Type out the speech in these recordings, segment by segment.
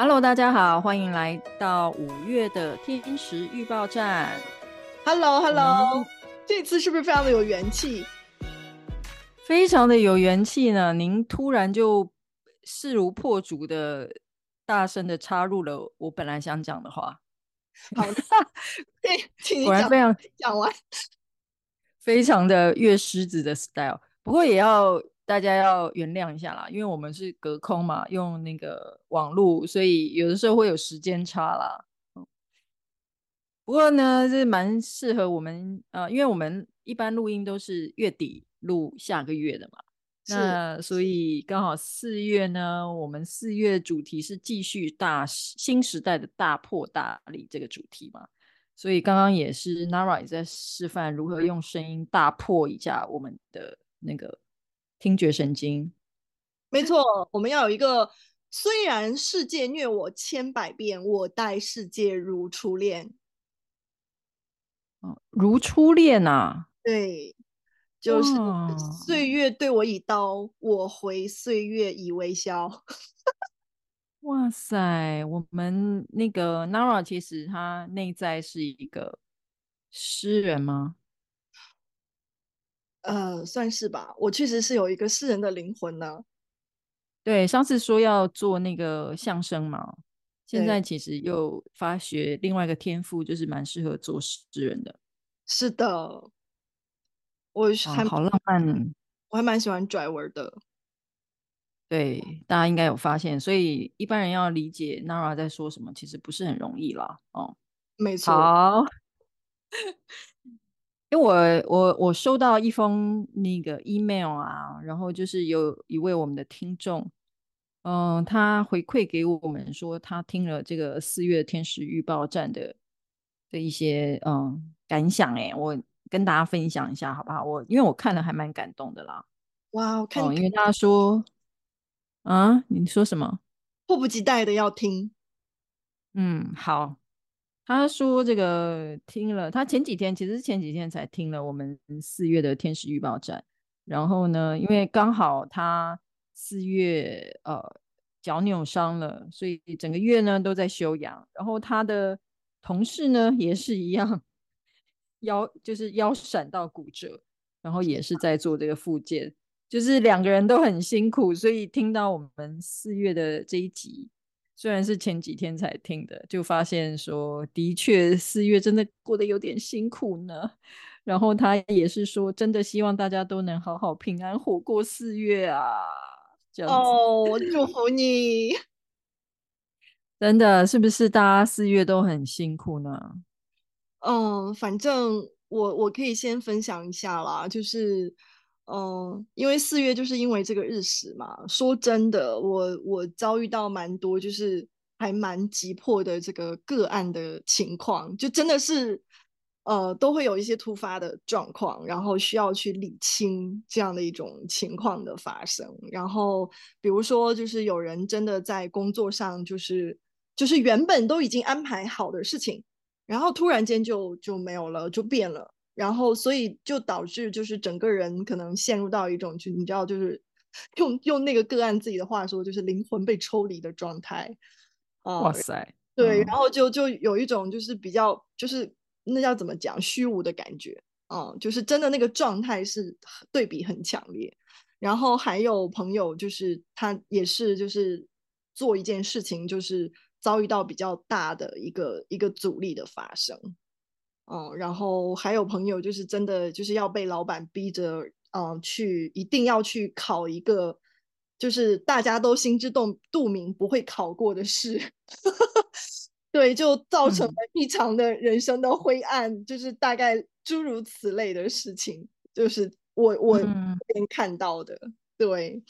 Hello，大家好，歡迎來到五月的天時預報站。Hello，Hello，這次是不是非常的有元氣？非常的有元氣呢？您突然就勢如破竹的、大聲的插入了我本來想講的話。好的， 對，請你講，果然非常講完，非常的月獅子的 style，不過也要。大家要原諒一下啦，因為我們是隔空嘛，用那個網絡，所以有的時候會有時間差啦。不過呢，是蠻適合我們呃，因為我們一般錄音都是月底錄下個月的嘛，是那所以剛好四月呢，我們四月主題是繼續大新時代的大破大立這個主題嘛，所以剛剛也是 Nara 也在示範如何用聲音大破一下我們的那個。聽覺神經，沒錯，我們要有一個。雖然世界虐我千百遍，我待世界如初戀。哦、如初戀吶、啊。對，就是歲月對我以刀，哇我回歲月以微笑。 哇塞，我們那個 Nara 其實她內在是一個詩人嗎？呃，算是吧。我確實是有一個詩人的靈魂呢、啊。對，上次說要做那個相聲嘛，現在其實又發掘另外一個天賦，就是蠻適合做詩人的。是的，我還、啊、好浪漫，我還蠻喜歡拽文的。對，大家應該有發現，所以一般人要理解 Nara 在說什麼，其實不是很容易啦。哦、嗯，沒錯。好。 因為我我我收到一封那個 email 啊，然後就是有一位我們的聽眾，嗯，他回饋給我們說他聽了這個四月天時預報站的的一些嗯感想，誒，我跟大家分享一下好不好？我因為我看了還蠻感動的啦。哇、wow,，我看、嗯，因為他說啊，你說什麼？迫不及待的要聽。嗯，好。他說：“這個聽了，他前幾天其實前幾天才聽了我們四月的《天時預報站》。然後呢，因為剛好他四月呃腳扭傷了，所以整個月呢都在休養。然後他的同事呢也是一樣，腰就是腰閃到骨折，然後也是在做這個復健，就是兩個人都很辛苦。所以聽到我們四月的這一集。”雖然是前幾天才聽的，就發現說的確四月真的過得有點辛苦呢。然後他也是說，真的希望大家都能好好平安活過四月啊。這樣子哦，我祝福你！真的，是不是大家四月都很辛苦呢？嗯，uh, 反正我我可以先分享一下啦，就是。嗯，因為四月就是因為這個日食嘛。說真的，我我遭遇到蠻多，就是還蠻急迫的這個個案的情況，就真的是，呃，都會有一些突發的狀況，然後需要去理清這樣的一種情況的發生。然後比如說，就是有人真的在工作上，就是就是原本都已經安排好的事情，然後突然間就就沒有了，就變了。然後，所以就導致就是整個人可能陷入到一種，就你知道，就是用用那個個案自己的話說，就是靈魂被抽離的狀態。呃、哇塞，對，嗯、然後就就有一種就是比較就是那叫怎麼講，虛無的感覺。啊、呃，就是真的那個狀態是對比很強烈。然後還有朋友，就是他也是就是做一件事情，就是遭遇到比較大的一個一個阻力的發生。哦，然後還有朋友，就是真的就是要被老闆逼着，嗯、呃，去一定要去考一個，就是大家都心知肚肚明不會考過的事， 對，就造成了異常的人生的灰暗，嗯、就是大概諸如此類的事情，就是我我這邊看到的，嗯、對。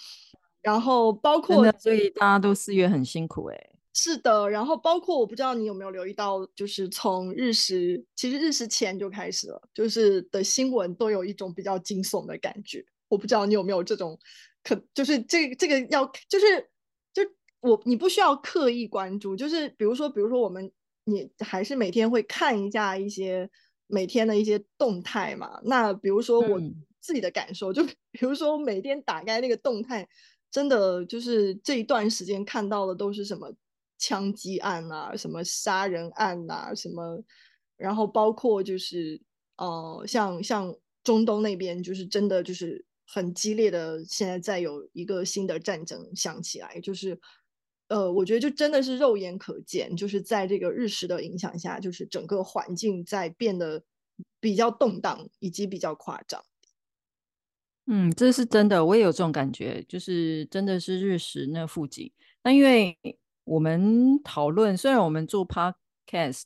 然後包括所以大家都四月很辛苦哎、欸。是的，然後包括我不知道你有沒有留意到，就是從日食，其實日食前就開始了，就是的新聞都有一種比較驚悚的感覺。我不知道你有沒有這種可，可就是這個、這個要就是就我你不需要刻意關注，就是比如說比如說我們你還是每天會看一下一些每天的一些動態嘛。那比如說我自己的感受，嗯、就比如說我每天打開那個動態，真的就是這一段時間看到的都是什麼。槍擊案啊，什麼殺人案啊，什麼，然後包括就是，哦、呃，像像中東那邊，就是真的就是很激烈的，現在再有一個新的戰爭響起來，就是，呃，我覺得就真的是肉眼可見，就是在這個日食的影響下，就是整個環境在變得比較動盪以及比較誇張。嗯，這是真的，我也有這種感覺，就是真的是日食那附近，那因為。我們討論，雖然我們做 podcast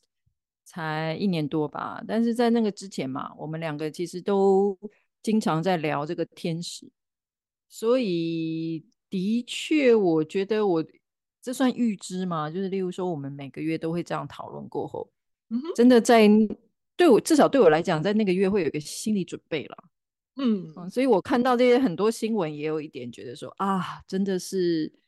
才一年多吧，但是在那個之前嘛，我們兩個其實都經常在聊這個天時，所以的確，我覺得我這算預知嘛，就是例如說，我們每個月都會這樣討論過後，嗯、哼真的在對我，至少對我來講，在那個月會有一個心理準備啦。嗯，嗯，所以我看到這些很多新聞，也有一點覺得說啊，真的是。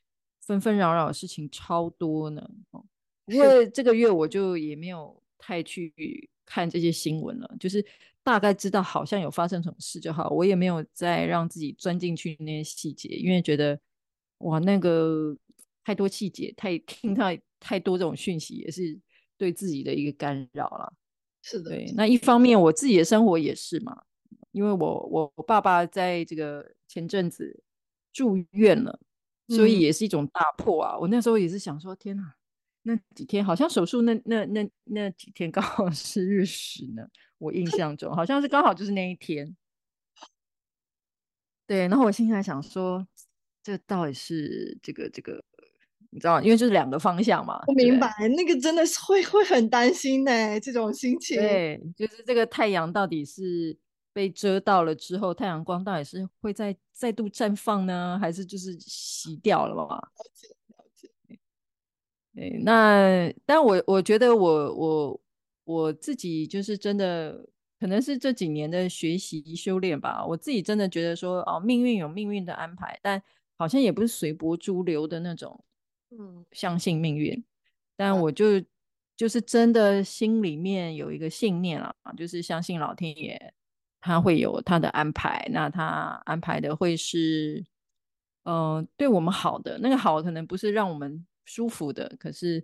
紛紛擾擾的事情超多呢，哦。是，因為這個月我就也沒有太去看這些新聞了，就是大概知道好像有發生什麼事就好。我也沒有再讓自己鑽進去那些細節，因為覺得哇，那個太多細節，太聽到太多這種訊息也是對自己的一個干擾了。是的對，那一方面我自己的生活也是嘛，因為我我爸爸在這個前陣子住院了。所以也是一種大破啊。嗯、我那時候也是想說，天啊，那幾天好像手術那那那那幾天剛好是日食呢，我印象中 好像是剛好就是那一天。對，然後我現在想說，這到底是這個這個，你知道嗎？因為就是兩個方向嘛。我明白，那個真的是會會很擔心呢，欸，這種心情。對，就是這個太陽到底是。被遮到了之後，太陽光到底是會再再度綻放呢，還是就是熄掉了吧？了解了，了解了。對，那但我我覺得我我我自己就是真的，可能是這幾年的學習修煉吧。我自己真的覺得說，哦，命運有命運的安排，但好像也不是隨波逐流的那種。嗯，相信命運，但我就，嗯，就是真的心裡面有一個信念啊，就是相信老天爺。他會有他的安排，那他安排的會是，嗯、呃，對我們好的那個好，可能不是讓我們舒服的，可是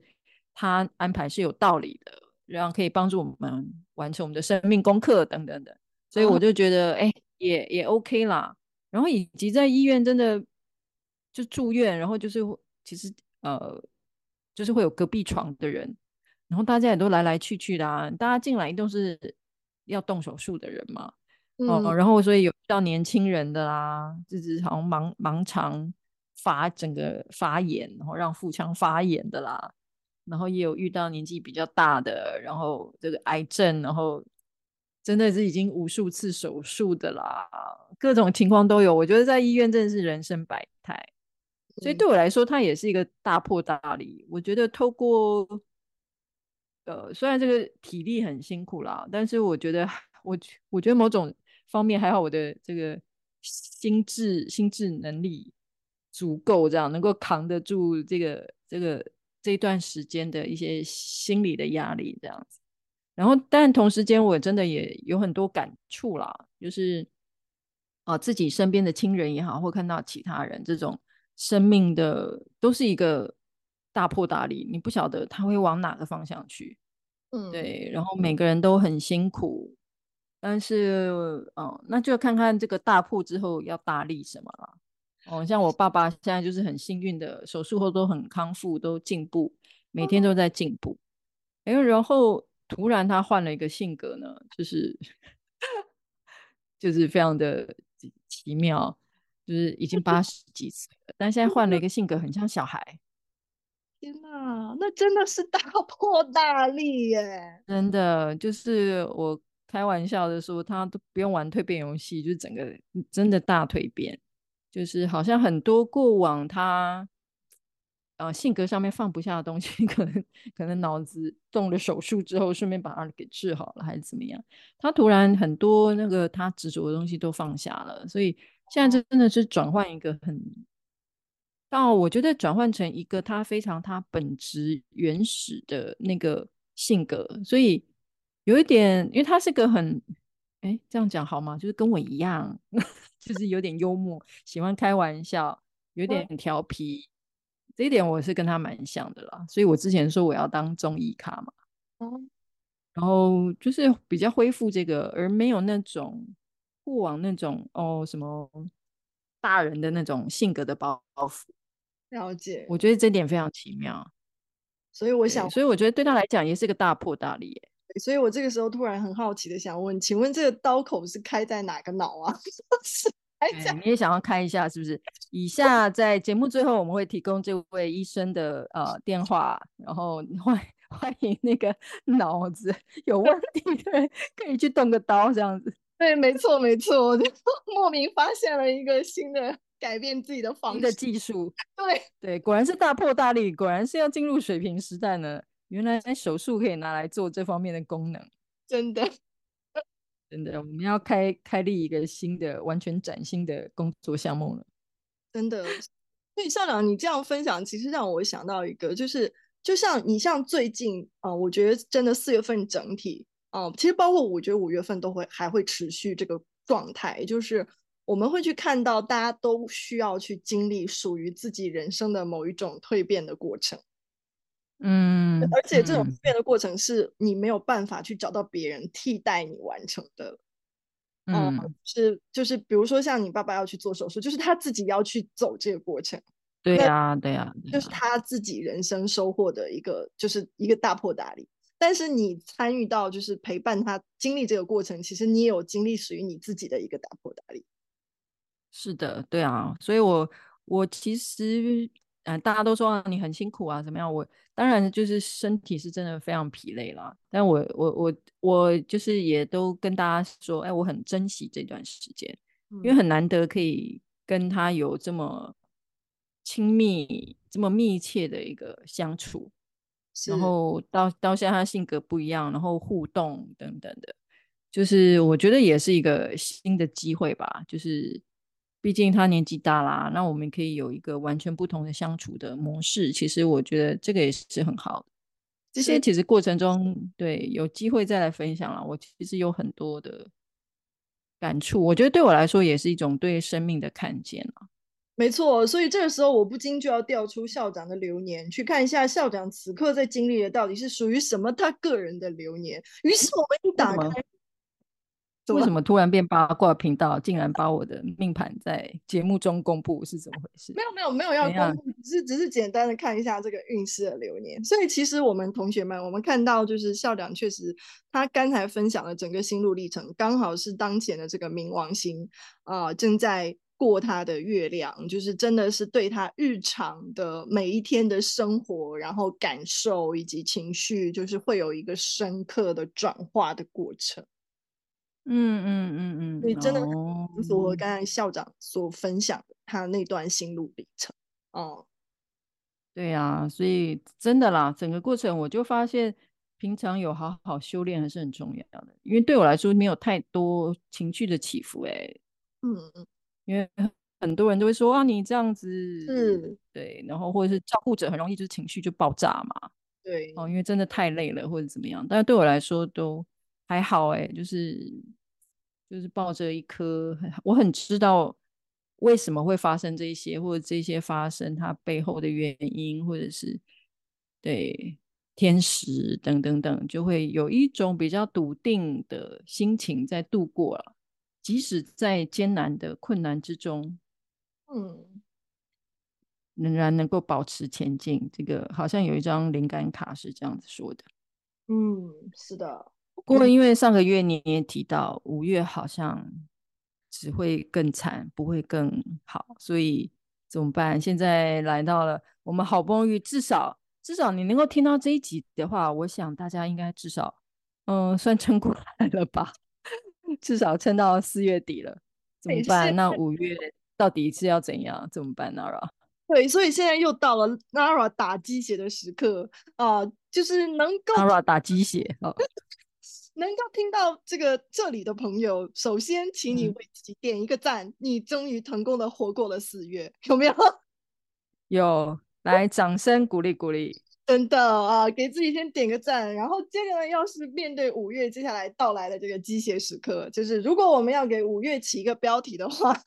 他安排是有道理的，然後可以幫助我們完成我們的生命功課等等的。所以我就覺得，哎、嗯欸，也也 OK 啦。然後以及在醫院真的就住院，然後就是其實呃，就是會有隔壁床的人，然後大家也都來來去去的啊，大家進來都是要動手術的人嘛。哦，然後所以有遇到年輕人的啦，就是好像盲盲腸發整個發炎，然後讓腹腔發炎的啦，然後也有遇到年紀比較大的，然後這個癌症，然後真的是已經無數次手術的啦，各種情況都有。我覺得在醫院真的是人生百態，所以對我來說，它也是一個大破大立。我覺得透過呃，雖然這個體力很辛苦啦，但是我覺得我我覺得某種方面還好，我的這個心智、心智能力足夠，這樣能夠扛得住這個、這個這段時間的一些心理的壓力，這樣子。然後，但同時間，我真的也有很多感觸啦，就是啊，自己身邊的親人也好，或看到其他人這種生命的，都是一個大破大立，你不曉得他會往哪個方向去，嗯，對。然後每個人都很辛苦。但是，哦，那就要看看這個大破之後要大立什麼了。哦，像我爸爸現在就是很幸運的，手術後都很康復，都進步，每天都在進步。哎、啊欸，然後突然他換了一個性格呢，就是 就是非常的奇妙，就是已經八十幾歲了， 但現在換了一個性格，很像小孩。天哪，那真的是大破大立耶！真的，就是我。開玩笑的說，他都不用玩蛻變遊戲，就是整個真的大蛻變，就是好像很多過往他啊、呃、性格上面放不下的東西，可能可能腦子動了手術之後，順便把它給治好了，還是怎麼樣？他突然很多那個他執着的東西都放下了，所以現在這真的是轉換一個很到，我覺得轉換成一個他非常他本質原始的那個性格，所以。有一點，因為他是個很，哎，這樣講好嗎？就是跟我一樣呵呵，就是有點幽默，喜歡開玩笑，有點調皮。嗯、這一點我是跟他蠻像的啦。所以我之前說我要當綜藝咖嘛，哦、嗯，然後就是比較恢復這個，而沒有那種過往那種哦什麼大人的那種性格的包，包袱。了解，我覺得這點非常奇妙。所以我想，所以我覺得對他來講也是個大破大立，欸。所以，我這個時候突然很好奇的想問，請問這個刀口是開在哪個腦啊？ 是開在、欸……你也想要看一下是不是？以下在節目最後我們會提供這位醫生的呃電話，然後歡歡迎那個腦子有問題的人可以去動個刀這樣子。對，沒錯沒錯，我就莫名發現了一個新的改變自己的方式的技術。對對，果然是大破大立，果然是要進入水瓶時代呢。原來手術可以拿來做這方面的功能，真的，真的，我們要開開立一個新的、完全嶄新的工作項目了，真的。所以校長，你這樣分享，其實讓我想到一個，就是就像你像最近啊、呃，我覺得真的四月份整體啊、呃，其實包括我覺得五月份都會還會持續這個狀態，就是我們會去看到大家都需要去經歷屬於自己人生的某一種蛻變的過程。嗯，而且這種變的過程是你沒有辦法去找到別人替代你完成的，嗯，嗯，是就是比如說像你爸爸要去做手術，就是他自己要去走這個過程，對呀對呀，就是他自己人生收穫的一個、啊啊、就是一個大破大立。但是你參與到就是陪伴他經歷這個過程，其實你也有經歷屬於你自己的一個大破大立。是的，對啊，所以我我其實。嗯、呃，大家都說、啊，你很辛苦啊，怎麼樣？我當然就是身體是真的非常疲累啦。但我我我我就是也都跟大家說，哎、欸，我很珍惜這段時間，嗯、因為很難得可以跟他有這麼親密、這麼密切的一個相處，是然後到到現在他性格不一樣，然後互動等等的，就是我覺得也是一個新的機會吧，就是。畢竟他年紀大啦，那我們可以有一個完全不同的相處的模式。其實我覺得這個也是很好的。這些其實過程中，對，有機會再來分享了。我其實有很多的感觸，我覺得對我來說也是一種對生命的看見啊。沒錯，所以這個時候我不禁就要調出校長的流年，去看一下校長此刻在經歷的到底是屬於什麼他個人的流年。於是我們一打開。為什麼突然變八卦的頻道？竟然把我的命盤在節目中公布，是怎麼回事？沒有沒有沒有要公布，只是只是簡單的看一下這個運勢的流年。所以其實我們同學們，我們看到就是校長確實他剛才分享的整個心路歷程，剛好是當前的這個冥王星啊，呃，正在過他的月亮，就是真的是對他日常的每一天的生活，然後感受以及情緒，就是會有一個深刻的轉化的過程。嗯嗯嗯嗯，嗯嗯嗯，所以真的就是我剛才校長所分享的他的那段心路歷程哦。對呀、啊，所以真的啦，整個過程我就發現，平常有好好修煉還是很重要的。因為對我來說，沒有太多情緒的起伏、欸，哎，嗯嗯。因為很多人都會說啊，你這樣子嗯，對，然後或者是照顧者很容易就是情緒就爆炸嘛，對，哦，因為真的太累了或者怎麼樣，但是對我來說都還好、欸，哎，就是。就是抱着一顆我很知道為什麼會發生這些，或者這些發生它背後的原因，或者是對天時等等等，就會有一種比較篤定的心情在度過了，即使在艱難的困難之中，嗯，仍然能夠保持前進。這個好像有一張靈感卡是這樣子說的，嗯，是的。不過，因為上個月你也提到五月好像只會更慘，不會更好，所以怎麼辦？現在來到了，我們好不容易至少至少你能夠聽到這一集的話，我想大家應該至少嗯、呃、算撐過來了吧，至少撐到四月底了。怎麼辦？哎、是。那五月到底是要怎樣？怎麼辦，Nara？對，所以現在又到了 Nara 打雞血的時刻啊、呃，就是能夠 Nara 打雞血啊。哦能夠聽到這個這裡的朋友，首先，請你為自己點一個讚。嗯、你終於成功的活過了四月，有沒有？有，來掌聲鼓勵鼓勵。真的啊，給自己先點個讚，然後接下來要是面對五月接下來到來的這個雞血時刻，就是如果我們要給五月起一個標題的話，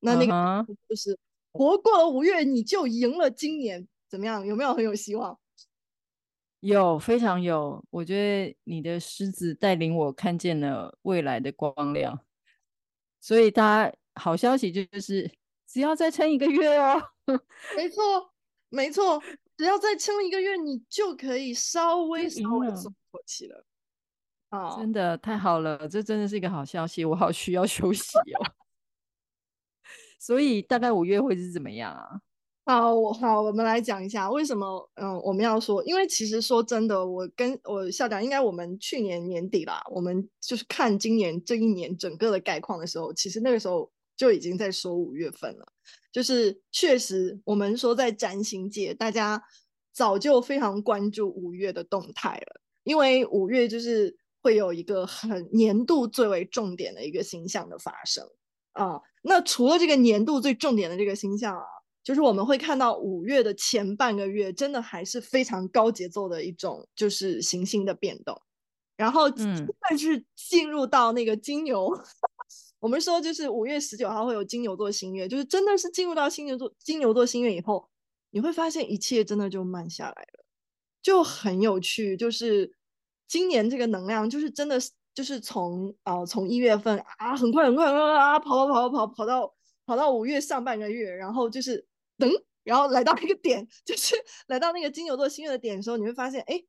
那那個就是活過了五月，你就贏了今年，怎麼樣？有沒有很有希望？有，非常有，我覺得你的獅子帶領我看見了未來的光亮，所以大家好消息就是，只要再撐一個月哦、啊。 沒錯，沒錯，只要再撐一個月，你就可以稍微稍微鬆口氣了。了 oh. 真的太好了，這真的是一個好消息，我好需要休息哦。 所以大概五月會是怎麼樣啊？好好，我們來講一下為什麼，嗯，我們要說，因為其實說真的，我跟我校長，應該我們去年年底啦，我們就是看今年這一年整個的概況的時候，其實那個時候就已經在說五月份了。就是確實，我們說在占星界，大家早就非常關注五月的動態了，因為五月就是會有一個很年度最為重點的一個星象的發生啊，嗯。那除了這個年度最重點的這個星象啊。就是我們會看到五月的前半個月，真的還是非常高節奏的一種，就是行星的變動。然後，但是進入到那個金牛，嗯、 我們說就是五月十九號會有金牛座新月，就是真的是進入到金牛座，金牛座新月以後，你會發現一切真的就慢下來了，就很有趣。就是今年這個能量，就是真的是，就是從啊、呃，從一月份啊，很快很快很快啊，跑跑跑跑跑到跑到五月上半個月，然後就是。噔、嗯，然後來到一個點，就是來到那個金牛座新月的點的時候，你會發現，哎，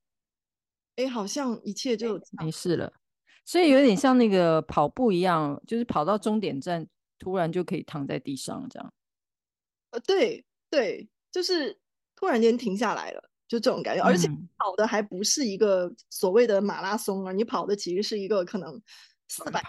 哎，好像一切就沒事了。所以有點像那個跑步一樣，嗯、就是跑到終點站，突然就可以躺在地上這樣。呃，對對，就是突然間停下來了，就這種感覺。嗯、而且跑的還不是一個所謂的馬拉松啊，你跑的其實是一個可能四百，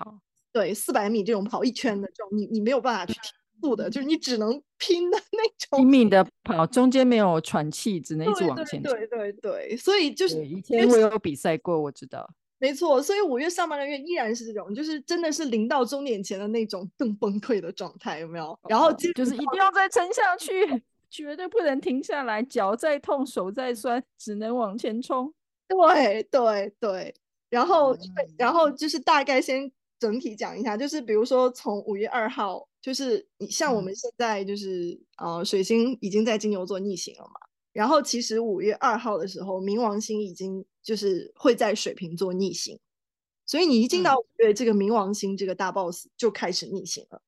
對，四百米這種跑一圈的這種，你你沒有辦法去停、嗯。速的，嗯、就是你只能拼的那種，拼命的跑，中間沒有喘氣，只能一直往前衝。對,對對對，所以就是,以前是因為我有比賽過，我知道，沒錯。所以五月上半個月依然是這種，就是真的是臨到終點前的那種更崩潰的狀態，有沒有？嗯、然後就是一定要再撐下去，嗯、絕對不能停下來，腳再痛，手再酸，只能往前衝。對對對，然後、嗯、然後就是大概先整體講一下，就是比如說從五月二號。就是你像我們現在就是、嗯、呃水星已經在金牛座逆行了嘛，然後其實五月二號的時候冥王星已經就是會在水瓶座逆行，所以你一進到五月這個冥王星這個大 boss 就開始逆行了，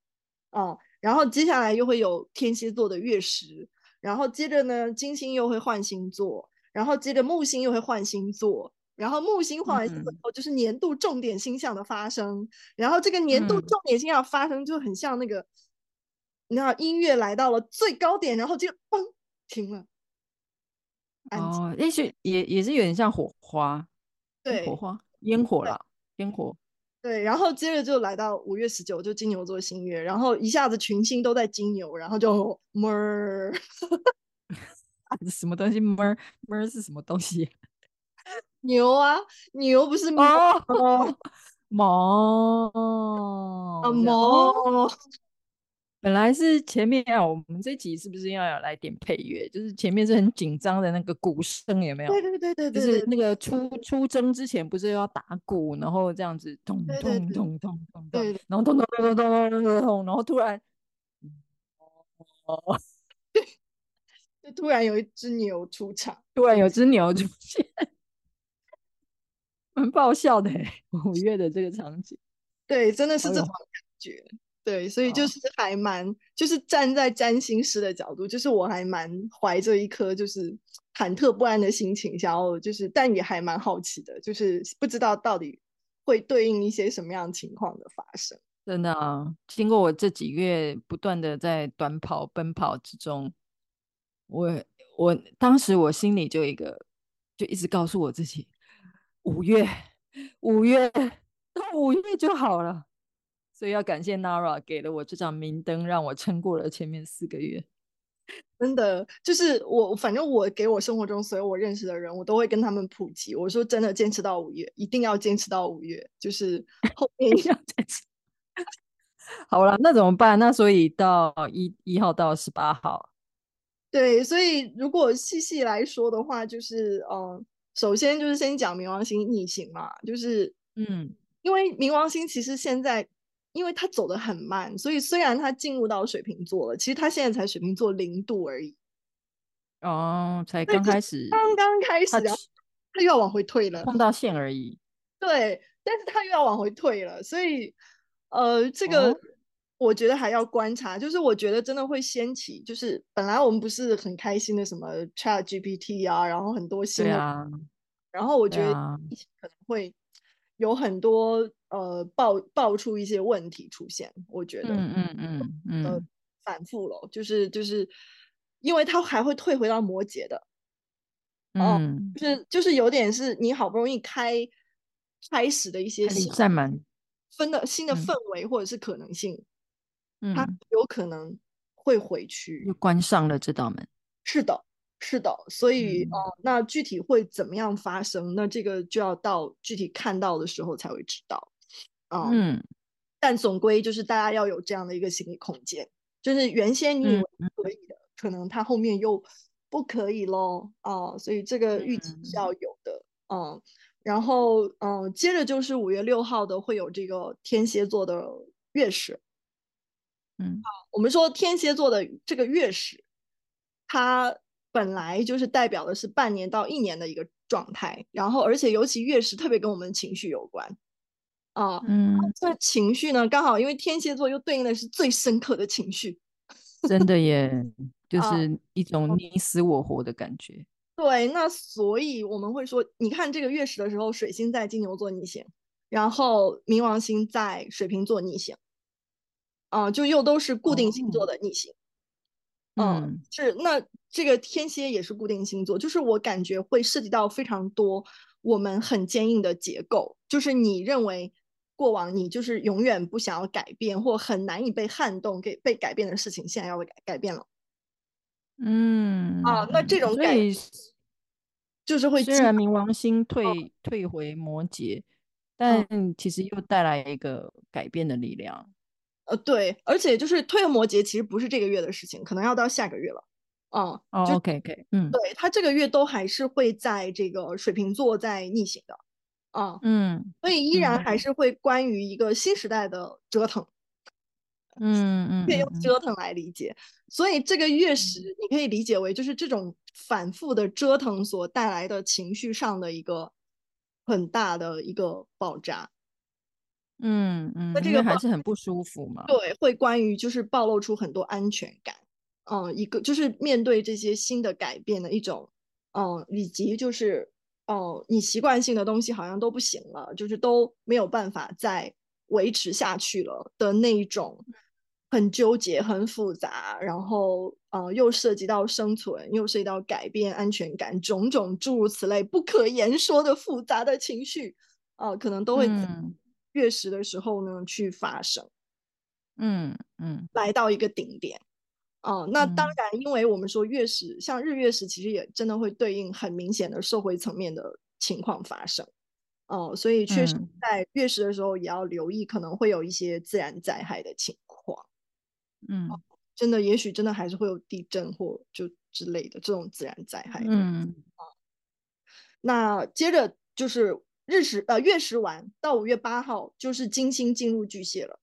啊、嗯嗯，然後接下來又會有天蠍座的月食，然後接着呢金星又會換星座，然後接着木星又會換星座。然後木星換完星之後，就是年度重點星象的發生。嗯、然後這個年度重點星象的發生，就很像那個，那、嗯、你知道音樂來到了最高點，然後就嘣停了。哦，也許也也是有點像火花，對，火花煙火了，對煙火。對，然後接着就來到五月十九，就金牛座新月，然後一下子群星都在金牛，然後就 mer 、啊、什麼東西 mer mer 是什麼東西？牛啊，牛不是毛、oh, 牛，毛啊毛。本來是前面啊，我們這集是不是要有來點配樂？就是前面是很緊張的那個鼓聲，有沒有？對對對對,對，就是那個出出征之前不是要打鼓，然後這樣子，咚咚咚咚咚咚，然後咚咚咚咚咚咚咚咚，然後突然，哦，對、哦， 就突然有一只牛出場，突然有只牛出現。 很爆笑的，五月的這個場景，對，真的是這種感覺，哎、呦對，所以就是還蠻，啊、就是站在占星師的角度，就是我還蠻懷着一顆就是忐忑不安的心情，然後就是，但也還蠻好奇的，就是不知道到底會對應一些什麼樣情況的發生。真的，經過我這幾個月不斷的在短跑奔跑之中，我我當時我心裡就一個，就一直告訴我自己。五月，五月到五月就好了，所以要感謝 Nara 給了我這盞明燈，讓我撐過了前面四個月。真的，就是我，反正我給我生活中所有我認識的人，我都會跟他們普及。我說真的，堅持到五月，一定要堅持到五月，就是後面一定要堅持。 好了，那怎麼辦？那所以到一一號到十八號，對，所以如果細細來說的話，就是嗯。首先就是先講冥王星逆行嘛，就是嗯，因為冥王星其實現在，因為它走得很慢，所以雖然它進入到水瓶座了，其實它現在才水瓶座零度而已。哦，才剛開始，剛剛開始，然後，它又要往回退了，碰到線而已。對，但是它又要往回退了，所以呃，這個。哦我覺得還要觀察，就是我覺得真的會掀起，就是本來我們不是很開心的什麼 Chat GPT 啊，然後很多新的，啊、然後我覺得一起可能會有很多、啊、呃爆，爆出一些問題出現。我覺得，嗯嗯嗯嗯，嗯嗯呃、反復了，就是、嗯、就是，因為它還會退回到摩羯的，哦、嗯，就是就是有點是你好不容易開開始的一些新在門分的新的氛圍或者是可能性。嗯他有可能會回去，又關上了這道門。是的，是的。所以啊、嗯呃，那具體會怎麼樣發生？那這個就要到具體看到的時候才會知道。呃、嗯。但總歸就是大家要有這樣的一個心理空間，就是原先你以為可以的，嗯、可能他後面又不可以咯。哦、呃，所以這個預期是要有的。嗯，嗯，然後嗯、呃，接着就是五月六號的會有這個天蠍座的月食。嗯，uh, 我們說天蠍座的這個月食，它本來就是代表的是半年到一年的一個狀態，然後而且尤其月食特別跟我們情緒有關。uh, 嗯、啊。嗯，這情緒呢，剛好因為天蠍座又對應的是最深刻的情緒，真的耶， 就是一種你死我活的感覺。Uh, 對，那所以我們會說，你看這個月食的時候，水星在金牛座逆行，然後冥王星在水瓶座逆行。啊，就又都是固定星座的逆行，嗯，啊、是，那這個天蠍也是固定星座，就是我感覺會涉及到非常多我們很堅硬的結構，就是你認為過往你就是永遠不想要改變或很難以被撼動、給被改變的事情，現在要改，改變了。嗯，啊，那這種改就是會雖然冥王星退、哦、退回摩羯，但其實又帶來一個改變的力量。呃，對，而且就是退摩羯其實不是這個月的事情，可能要到下個月了。啊、嗯 oh, 就，OK OK，嗯、um,，對他這個月都還是會在這個水瓶座在逆行的，啊，嗯，嗯，所以依然還是會關於一個新時代的折騰，嗯嗯，可以用折騰來理解。嗯嗯，所以這個月食，你可以理解為就是這種反覆的折騰所帶來的情緒上的一個很大的一個爆炸。嗯 嗯，那這個還是很不舒服嘛？對，會關於就是暴露出很多安全感，嗯、呃，一個就是面對這些新的改變的一種，嗯、呃，以及就是哦、呃，你習慣性的東西好像都不行了，就是都沒有辦法再維持下去了的那一種，很糾結、很複雜，然後嗯、呃，又涉及到生存，又涉及到改變安全感，種種諸如此類不可言說的複雜的情緒啊、呃，可能都會。嗯月食的時候呢，去發生，嗯嗯，嗯來到一個頂點，哦、啊，那當然，因為我們說月食，嗯、像日月食，其實也真的會對應很明顯的社會層面的情況發生，哦、啊，所以確實在月食的時候，也要留意可能會有一些自然災害的情況，嗯、啊，真的，也許真的還是會有地震或就之類的這種自然災害的情況，嗯、啊，那接着就是。日食、呃月食，完到五月八號，就是金星進入巨蟹了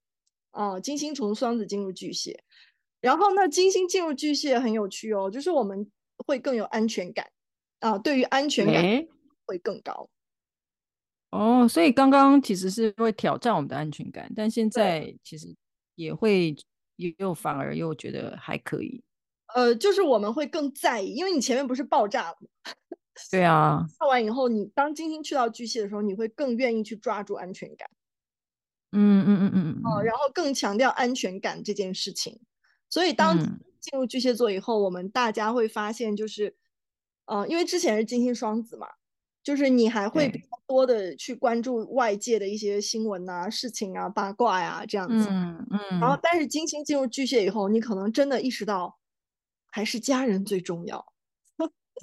哦、呃，金星從雙子進入巨蟹，然後呢，金星進入巨蟹很有趣哦，就是我們會更有安全感啊、呃，對於安全感會更高、欸、哦，所以剛剛其實是會挑戰我們的安全感，但現在其實也會又反而又覺得還可以，呃，就是我們會更在意，因為你前面不是爆炸了嗎？對啊，看完以後，你當金星去到巨蟹的時候，你會更願意去抓住安全感。嗯嗯嗯嗯嗯。哦、嗯，嗯、然後更強調安全感這件事情。所以當進入巨蟹座以後，嗯、我們大家會發現，就是，呃因為之前是金星雙子嘛，就是你還會比較多的去關注外界的一些新聞啊、對事情啊、八卦呀、啊、這樣子。嗯嗯。嗯然後，但是金星進入巨蟹以後，你可能真的意識到，還是家人最重要。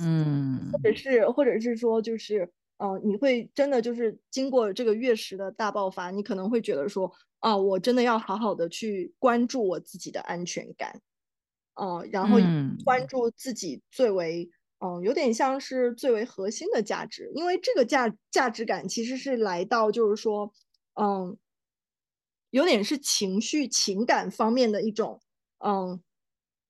嗯，或者是，嗯、或者是說，就是，嗯、呃，你會真的就是經過這個月食的大爆發，你可能會覺得說，啊、呃，我真的要好好的去關注我自己的安全感，呃然後關注自己最為，嗯、呃，有點像是最為核心的價值，因為這個價價值感其實是來到，就是說，嗯、呃，有點是情緒情感方面的一種，嗯、呃，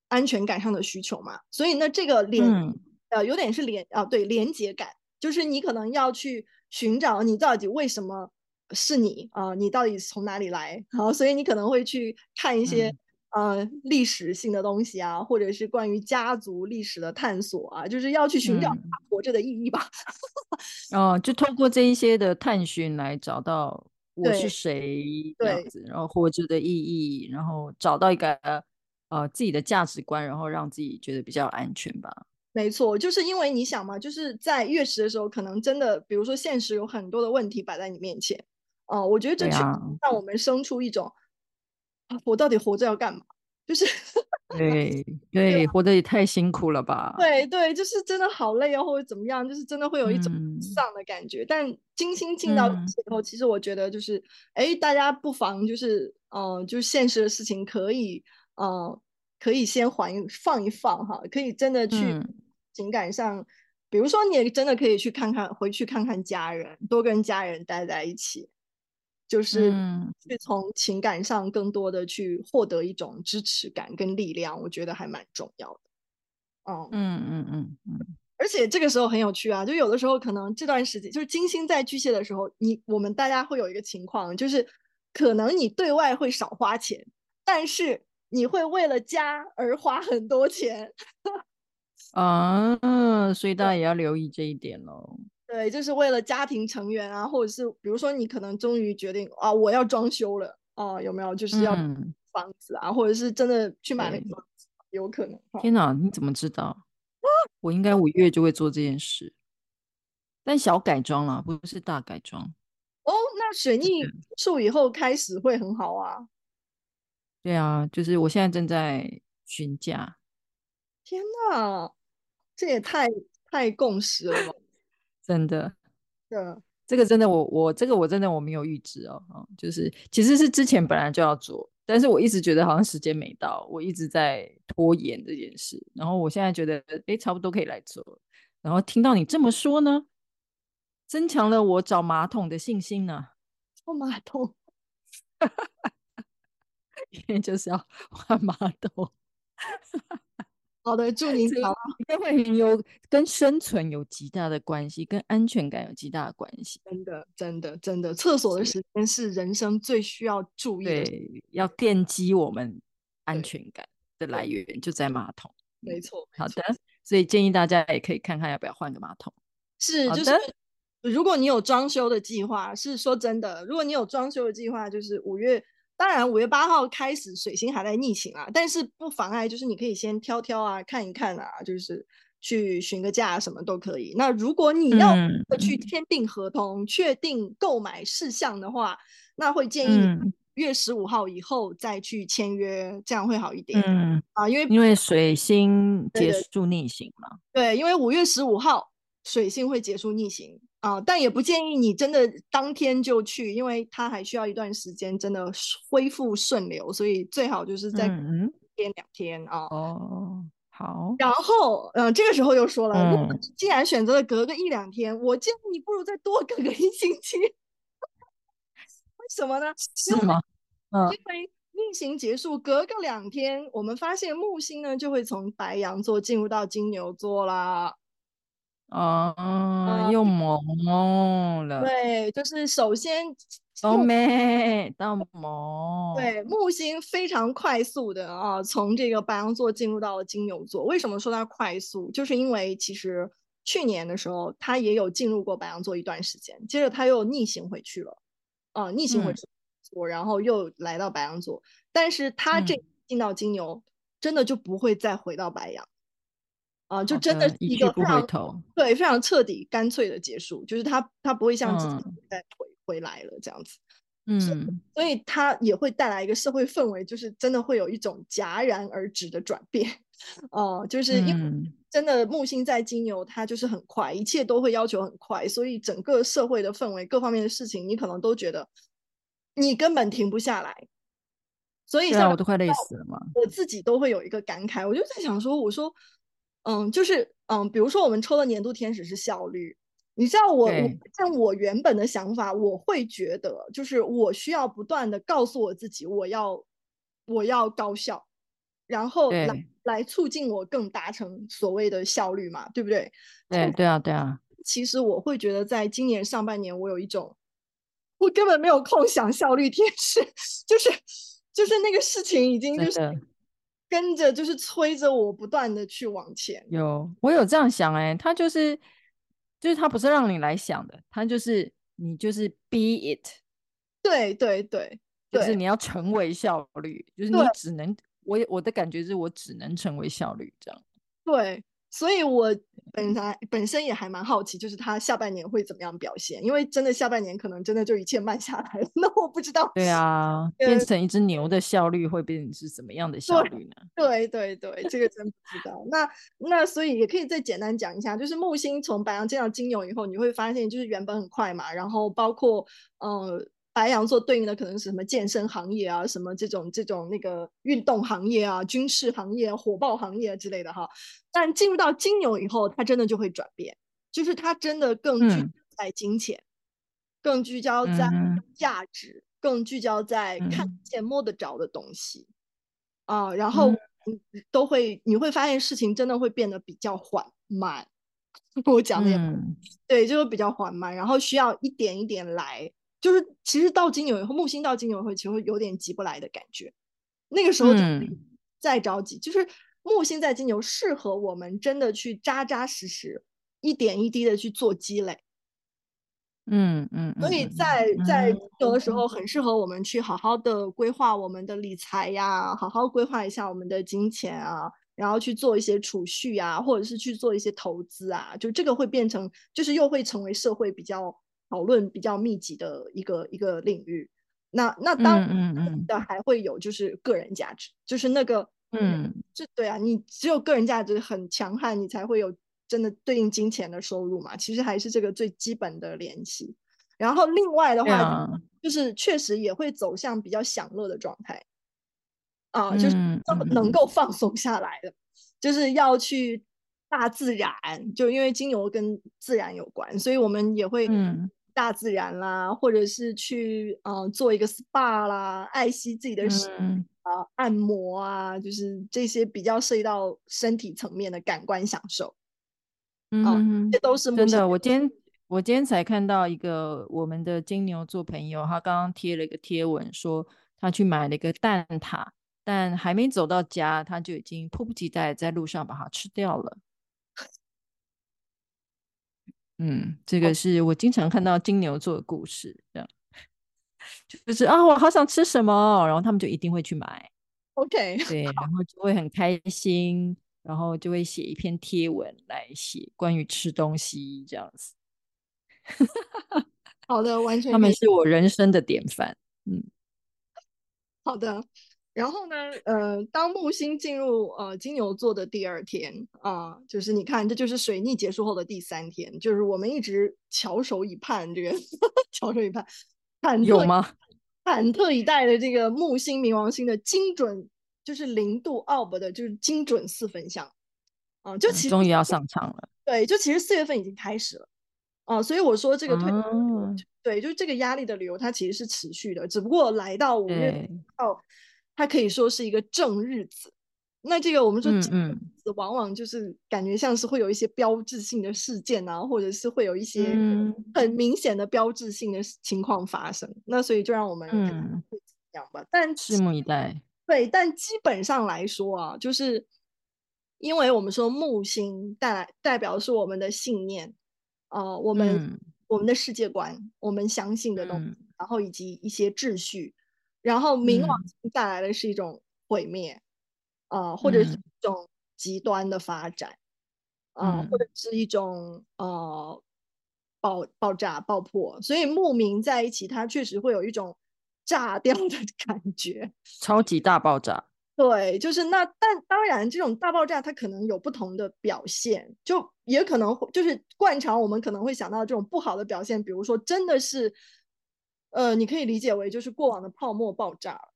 安全感上的需求嘛，所以那這個連。嗯呃，有點是連，啊，對，連接感，就是你可能要去尋找你到底為什麼是你啊、呃？你到底從哪裡來？嗯、然後所以你可能會去看一些、嗯、呃歷史性的東西啊，或者是關於家族歷史的探索啊，就是要去尋找他活着的意義吧。嗯， 呃、就通過這一些的探尋來找到我是誰對這樣子，然後活着的意義，對然後找到一個呃自己的價值觀，然後讓自己覺得比較安全吧。沒錯，就是因為你想嘛，就是在月食的時候，可能真的，比如說現實有很多的問題擺在你面前，哦、呃，我覺得這去讓我們生出一種啊，啊，我到底活着要幹嘛？就是對 對，吧對，活得也太辛苦了吧？對對，就是真的好累啊、哦，或者怎麼樣，就是真的會有一種喪的感覺。嗯、但金星進到的時候，嗯、其實我覺得就是，哎，大家不妨就是，嗯、呃，就是現實的事情可以，嗯、呃。可以先緩放一放哈，可以真的去情感上，嗯、比如說你也真的可以去看看，回去看看家人，多跟家人待在一起，就是去從情感上更多的去獲得一種支持感跟力量，我覺得還蠻重要的。哦、嗯嗯，嗯嗯嗯嗯，而且這個時候很有趣啊，就有的時候可能這段時間就是金星在巨蟹的時候，你我們大家會有一個情況，就是可能你對外會少花錢，但是。你會為了家而花很多錢 啊，所以大家也要留意這一點嘍。對，就是為了家庭成員啊，或者是比如說你可能終於決定啊，我要裝修了啊，有沒有？就是要房子啊，嗯、或者是真的去買了房子，對有可能。啊、天哪，你怎麼知道？啊、我應該五月就會做這件事，但小改裝啦，啊，不是大改裝。哦，那水逆結束以後開始會很好啊。對啊，就是我現在正在詢價。天哪，這也太太共識了吧？ 真的，對、嗯，這個真的我，我我這個我真的我沒有預知哦，嗯、就是其實是之前本來就要做，但是我一直覺得好像時間沒到，我一直在拖延這件事。然後我現在覺得，哎、欸，差不多可以來做。然後聽到你這麼說呢，增強了我找馬桶的信心呢、啊。找馬桶。 因為就是要換馬桶。好的，祝您好。因為有跟生存有極大的關係，跟安全感有極大的關係。真的，真的，真的，廁所的時間是人生最需要注意的對，要奠基我們安全感的來源對就在馬桶。馬桶沒錯，沒錯好的，所以建議大家也可以看看要不要換個馬桶。是，的就是如果你有裝修的計劃，是說真的，如果你有裝修的計劃，就是五月。當然，五月八號開始水星還在逆行啊，但是不妨礙，就是你可以先挑挑啊，看一看啊，就是去詢個價什麼都可以。那如果你要去簽訂合同、確定、嗯、購買事項的話，那會建議你五月十五號以後再去簽約，嗯、這樣會好一點。嗯啊，因為因為水星結束逆行嘛。對，對，對，對，因為五月十五號水星會結束逆行。啊，但也不建議你真的當天就去，因為它還需要一段時間，真的恢復順流，所以最好就是在一天、嗯、兩天啊。哦，好。然後，嗯、呃，這個時候又說了，嗯、既然選擇了隔個一兩天，我建議你不如再多隔個一星期。 為什麼呢？嗯、因為逆行結束，隔個兩天，我們發現木星呢就會從白羊座進入到金牛座啦。啊，uh, 又萌了。對，就是首先從美到萌。對，木星非常快速的啊，從這個白羊座進入到了金牛座。為什麼說它快速？就是因為其實去年的時候，它也有進入過白羊座一段時間，接着它又逆行回去了啊、呃，逆行回去了、嗯，然後又來到白羊座。但是它這次進到金牛，嗯、真的就不會再回到白羊。啊，uh, okay, 就真的一個非常不回頭對，非常徹底、乾脆的結束，就是他他不會像自己再回、嗯、回來了這樣子。是嗯，所以他也會帶來一個社會氛圍，就是真的會有一種戛然而止的轉變。哦、嗯， uh, 就是因為真的木星在金牛，它就是很快，一切都會要求很快，所以整個社會的氛圍、各方面的事情，你可能都覺得你根本停不下來。所以，像我都快累死了嘛！我自己都會有一個感慨，我就在想說，我說。嗯，就是嗯，比如說我們抽的年度天使是效率，你知道我，但對我，我原本的想法，我會覺得就是我需要不斷的告訴我自己，我要我要高效，然後來對來促進我更達成所謂的效率嘛，對不對？對以對，對啊，對啊。其實我會覺得，在今年上半年，我有一種我根本沒有空想效率天使，就是就是那個事情已經就是。跟着就是催着我不斷的去往前。有，我有這樣想誒，他就是，就是他不是讓你來想的，他就是你就是 be it。對對對，對。就是你要成為效率，就是你只能，對。我我的感覺是我只能成為效率這樣。對。所以，我本來本身也還蠻好奇，就是它下半年會怎麼樣表現？因為真的下半年可能真的就一切慢下來了。那我不知道，對啊，嗯、變成一只牛的效率會變成是怎麼樣的效率呢？對對對，這個真不知道。 那那所以也可以再簡單講一下，就是木星從白羊進到金牛以後，你會發現就是原本很快嘛，然後包括嗯。呃白羊座對應的可能是什麼健身行業啊，什麼這種這種那個運動行業啊，軍事行業、火爆行業之類的哈。但進入到金牛以後，它真的就會轉變，就是它真的更聚焦在金錢，嗯、更聚焦在價值，嗯、更聚焦在看得見摸得着的東西、嗯、啊。然後都會你會發現事情真的會變得比較緩慢。 我講的也、嗯、對，就是比較緩慢，然後需要一點一點來。就是其實到金牛以後，木星到金牛會其實會有點急不來的感覺。那個時候，再着急，嗯、就是木星在金牛，適合我們真的去扎扎實實、一點一滴的去做積累。嗯嗯，嗯嗯，所以在在有的時候很適合我們去好好的規劃我們的理財呀，好好規劃一下我們的金錢啊，然後去做一些儲蓄啊，或者是去做一些投資啊，就這個會變成，就是又會成為社會比較。討論比較密集的一個一個領域，那那當的、嗯嗯、還會有就是個人價值，嗯、就是那個嗯，這對啊，你只有個人價值很強悍，你才會有真的對應金錢的收入嘛。其實還是這個最基本的聯繫。然後另外的話，嗯、就是確實也會走向比較享樂的狀態啊、嗯呃，就是能夠放鬆下來的，就是要去大自然，就因為金牛跟自然有關，所以我們也會嗯。大自然啦，或者是去嗯、呃、做一個 SPA 啦，愛惜自己的啊、嗯呃、按摩啊，就是這些比較涉及到身體層面的感官享受。嗯，嗯，這都是的真的。我今天我今天才看到一個我們的金牛座朋友，他剛剛貼了一個貼文，說他去買了一個蛋撻，但還沒走到家，他就已經迫不及待在路上把它吃掉了。嗯，這個是我經常看到金牛座的故事，Okay. 這樣就是啊，我好想吃什麼，然後他們就一定會去買，OK，對，然後就會很開心， 然後就會寫一篇貼文來寫關於吃東西這樣子。 好的，完全可以，他們是我人生的典範。嗯，好的。然後呢，呃，當木星進入呃金牛座的第二天啊、呃，就是你看，這就是水逆結束後的第三天，就是我們一直翹首以盼這個翹首以盼，盼，有嗎？忐忑以待的這個木星冥王星的精準，就是零度奧布的，就是精準四分相啊、呃，就其實、嗯、終於要上場了。對，就其實四月份已經開始了啊、呃，所以我說這個推、啊、對，就這個壓力的流它其實是持續的，只不過來到五月它可以說是一個正日子，那這個我們說正日子，嗯，往往就是感覺像是會有一些標誌性的事件啊，嗯、或者是會有一些很明顯的標誌性的情況發生。嗯、那所以就讓我們嗯，養吧其，但拭目以待。對，但基本上來說啊，就是因為我們說木星帶來代表的是我們的信念啊、呃，我們、嗯、我們的世界觀，我們相信的東西，嗯、然後以及一些秩序。然後，冥王星帶來的是一種毀滅，啊、嗯呃，或者是一種極端的發展，啊、嗯呃，或者是一種呃爆爆炸、爆破。所以，木冥在一起，它確實會有一種炸掉的感覺，超級大爆炸。對，就是那，但當然，這種大爆炸它可能有不同的表現，就也可能會就是慣常我們可能會想到這種不好的表現，比如說真的是。呃，你可以理解為就是過往的泡沫爆炸了，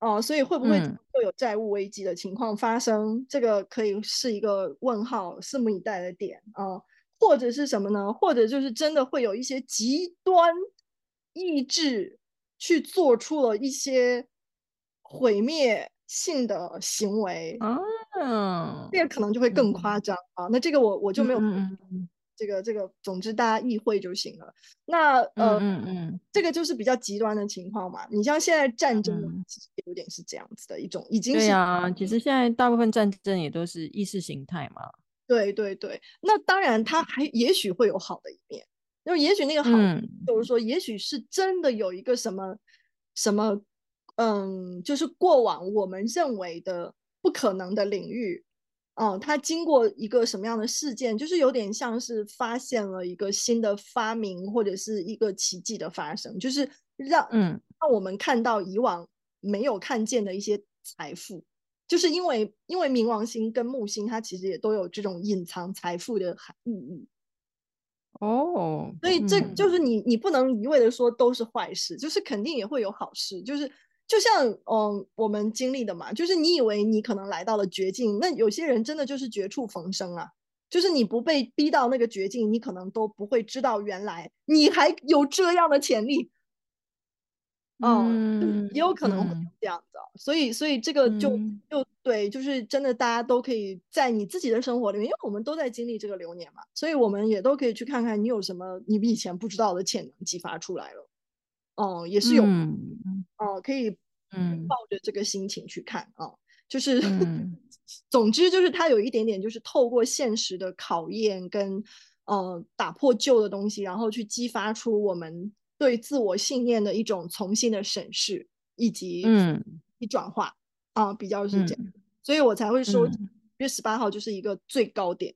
哦、啊，所以會不會會有，有債務危機的情況發生？嗯、這個可以是一個問號，拭目以待的點啊，或者是什麼呢？或者就是真的會有一些極端意志去做出了一些毀滅性的行為啊、哦嗯，這個可能就會更誇張、嗯、啊。那這個我我就沒有。嗯這個這個，總之大家意會就行了。那呃嗯嗯，嗯，這個就是比較極端的情況嘛。嗯、你像現在戰爭，其實有點是這樣子的一種，嗯、已經是。對啊，其實現在大部分戰爭也都是意識形態嘛。對對對，那當然它還也許會有好的一面，因為也許那個好的就是說，也許是真的有一個什麼、嗯、什麼，嗯，就是過往我們認為的不可能的領域。哦，它經過一個什麼樣的事件，就是有點像是發現了一個新的發明，或者是一個奇迹的發生，就是讓嗯讓我們看到以往沒有看見的一些財富，就是因為因為冥王星跟木星，它其實也都有這種隱藏財富的含義，哦，oh, 所以這就是你、嗯、你不能一味的說都是壞事，就是肯定也會有好事，就是。就像嗯，我們經歷的嘛，就是你以為你可能來到了絕境，那有些人真的就是絕處逢生啊。就是你不被逼到那個絕境，你可能都不會知道原來你還有這樣的潛力。嗯，哦、也有可能會這樣子、哦。嗯、所以，所以這個就、嗯、就，就對，就是真的，大家都可以在你自己的生活裡面，因為我們都在經歷這個流年嘛，所以我們也都可以去看看你有什麼你以前不知道的潛能激發出來了。哦、呃，也是有，哦、嗯呃，可以，嗯，抱着這個心情去看啊、呃，就是，嗯、 總之就是它有一點點，就是透過現實的考驗跟，呃，打破舊的東西，然後去激發出我們對自我信念的一種重新的審視以及、嗯、一轉化啊、呃，比較是這樣，嗯、所以我才會說，五月十八號就是一個最高點。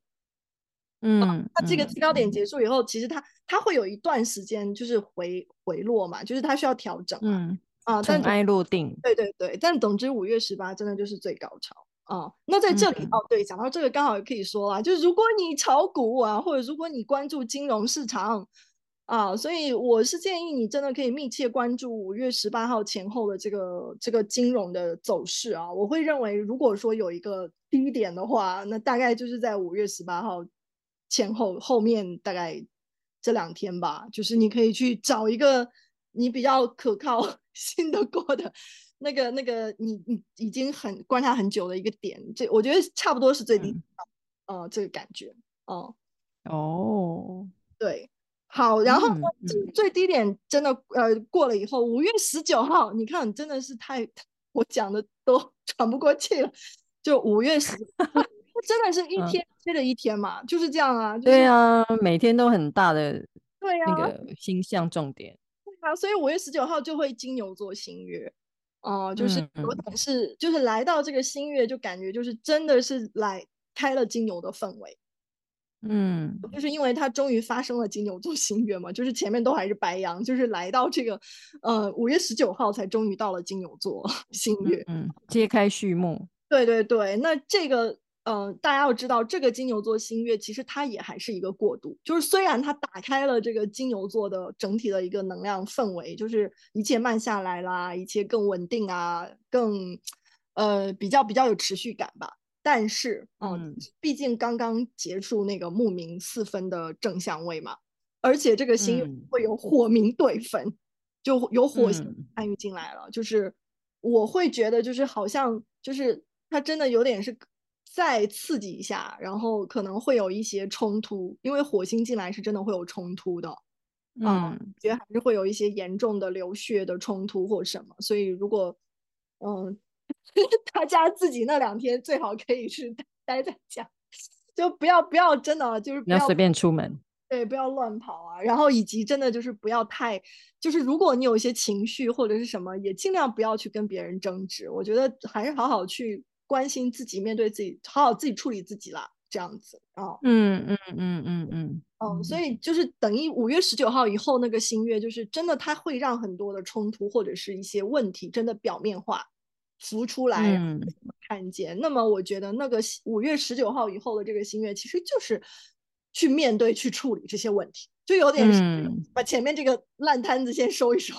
嗯，那、啊嗯、這個最高點結束以後，嗯、其實它它會有一段時間就是回回落嘛，就是它需要調整。嗯啊，塵、嗯啊、埃落定。對對對，但總之五月十八真的就是最高潮啊。那在這裡、嗯、哦，對，講到這個剛好也可以說啊，就是如果你炒股啊，或者如果你關注金融市場啊，所以我是建議你真的可以密切關注五月十八號前後的這個這個金融的走勢啊。我會認為，如果說有一個低點的話，那大概就是在五月十八號。前後後面大概這兩天吧，就是你可以去找一個你比較可靠、信得過的那個那個你你已經很觀察很久的一個點，這我覺得差不多是最低的，嗯、呃，這個感覺，呃、哦，哦，對，好，然後、嗯、這個最低點真的呃過了以後，五月十九號，你看你真的是太我講的都喘不過氣了，就五月十。 真的是一天接着一天嘛，啊、就是這樣啊。對呀、啊，嗯、每天都很大的。對呀，那個星象重點。對呀、啊，所以五月十九號就會金牛座新月。哦、呃，就是嗯嗯是就是來到這個新月，就感覺就是真的是來開了金牛的氛圍。嗯，就是因為它終於發生了金牛座新月嘛，就是前面都還是白羊，就是來到這個呃五月十九號才終於到了金牛座新月。嗯，嗯，揭開序幕。對對對，那這個。嗯、呃，大家要知道，這個金牛座新月其實它也還是一個過渡，就是雖然它打開了這個金牛座的整體的一個能量氛圍，就是一切慢下來啦，一切更穩定啊，更，呃，比較比較有持續感吧。但是，呃、嗯，畢竟剛剛結束那個木冥四分的正相位嘛，而且這個星會有火冥對分，嗯、就有火星參與進來了，嗯、就是我會覺得，就是好像就是它真的有點是。再刺激一下，然後可能會有一些衝突，因為火星進來是真的會有衝突的，嗯、啊，覺得還是會有一些嚴重的流血的衝突或什麼。所以如果嗯，大 家自己那兩天最好可以是待在家，就不要不要真的就是不要，要隨便出門，對，不要亂跑啊。然後以及真的就是不要太就是如果你有一些情緒或者是什麼，也儘量不要去跟別人爭執。我覺得還是好好去。關心自己，面對自己，好好自己處理自己了，這樣子啊。嗯嗯嗯嗯嗯嗯。嗯、嗯、嗯、哦，所以就是等於五月十九號以後那個新月，就是真的它會讓很多的衝突或者是一些問題真的表面化，浮出來，嗯、看見。那麼我覺得那個五月十九號以後的這個新月，其實就是去面對、去處理這些問題，就有點、嗯、把前面這個爛攤子先收一收。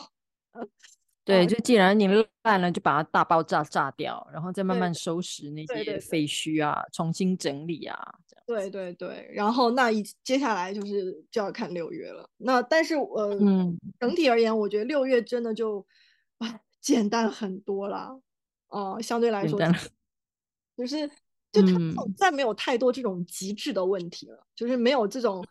對，哦、就既然你爛了，就把它大爆炸炸掉，然後再慢慢收拾那些廢墟啊，對對對對重新整理啊，這樣。對對對。然後那一接下來就是就要看六月了。那但是、呃、嗯整體而言，我覺得六月真的就哇簡單很多啦。哦、呃，相對來說，就是就它再沒有太多這種極致的問題了，嗯、就是沒有這種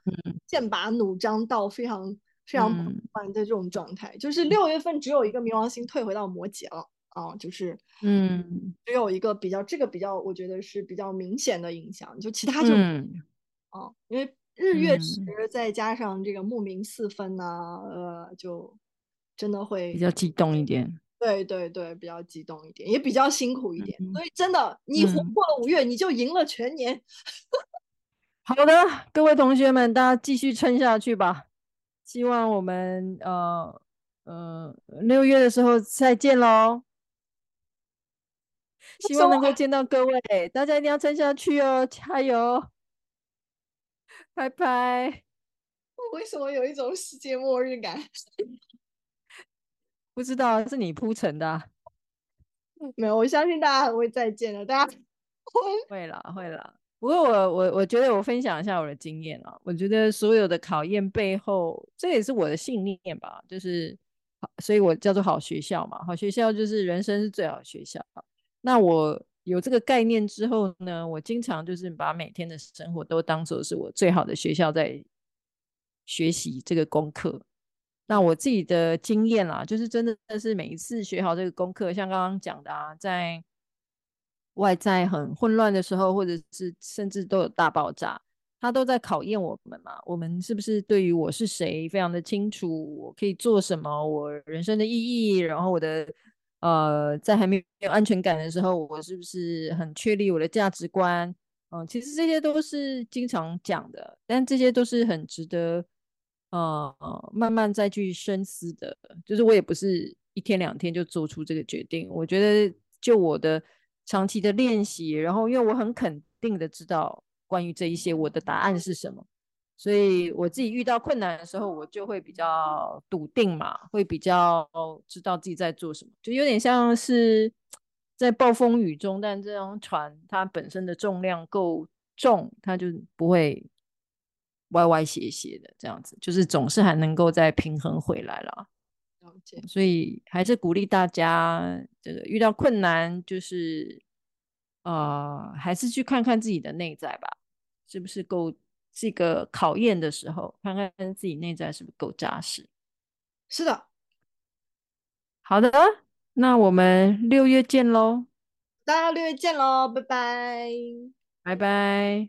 劍拔弩張到非常。非常不安的這種狀態，嗯、就是六月份只有一個冥王星退回到摩羯了啊，就是嗯，只有一個比較這個比較，我覺得是比較明顯的影響，就其他就嗯、啊、因為日月食再加上這個木冥四分呢、啊，嗯、呃，就真的會比較激動一點。對對對，比較激動一點，也比較辛苦一點，嗯、所以真的你活過了五月，嗯、你就贏了全年。 好的，各位同學們，大家繼續撐下去吧。希望我們呃呃六月的時候再見嘍，希望能夠見到各位，大家一定要撐下去哦，加油！拜拜。我為什麼有一種世界末日感？ 不知道是你鋪陳的啊。沒有，我相信大家還會再見的，大家 會了，會了。不過我我我覺得我分享一下我的經驗啊，我覺得所有的考驗背後，這也是我的信念吧，就是所以我叫做好學校嘛，好學校就是人生是最好的學校。那我有這個概念之後呢，我經常就是把每天的生活都當做是我最好的學校，在學習這個功課。那我自己的經驗啦、啊，就是真的是每一次學好這個功課，像剛剛講的啊，在外在很混亂的時候，或者是甚至都有大爆炸，他都在考驗我們嘛。我們是不是對於我是誰非常的清楚？我可以做什麼？我人生的意義？然後我的呃，在還沒有安全感的時候，我是不是很確立我的價值觀？嗯、呃，其實這些都是經常講的，但這些都是很值得呃慢慢再去深思的。就是我也不是一天兩天就做出這個決定。我覺得就我的。長期的練習，然後因為我很肯定的知道關於這一些我的答案是什麼，所以我自己遇到困難的時候，我就會比較篤定嘛，會比較哦，知道自己在做什麼，就有點像是在暴風雨中，但這艘船它本身的重量夠重，它就不會歪歪斜斜的這樣子，就是總是還能夠再平衡回來了。了解，所以還是鼓勵大家，這個遇到困難就是，呃，還是去看看自己的內在吧，是不是夠這個考驗的時候，看看自己內在是不是夠扎實。是的，好的，那我們六月見嘍！大家六月見嘍，拜拜，拜拜。